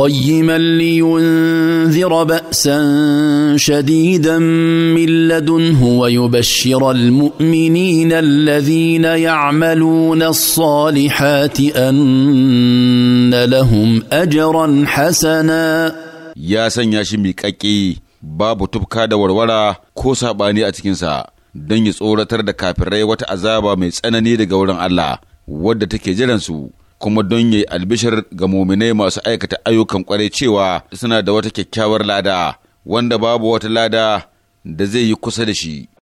قيما لينذر باسا شديدا من لدنه ويبشر المؤمنين الذين يعملون الصالحات ان لهم اجرا حسنا يا سنيا شي ميقاقي babu tufka da warwara ko saɓani a cikinsa don ya tsoratar da kafirai wata azaba mai tsanani daga wurin Allah wadda take jiransu kuma don yi albishar ga muminai masu aikata ayyukan kwarai cewa suna da wata kyakkyawar lada wanda babu wata lada da zai yi kusa da shi.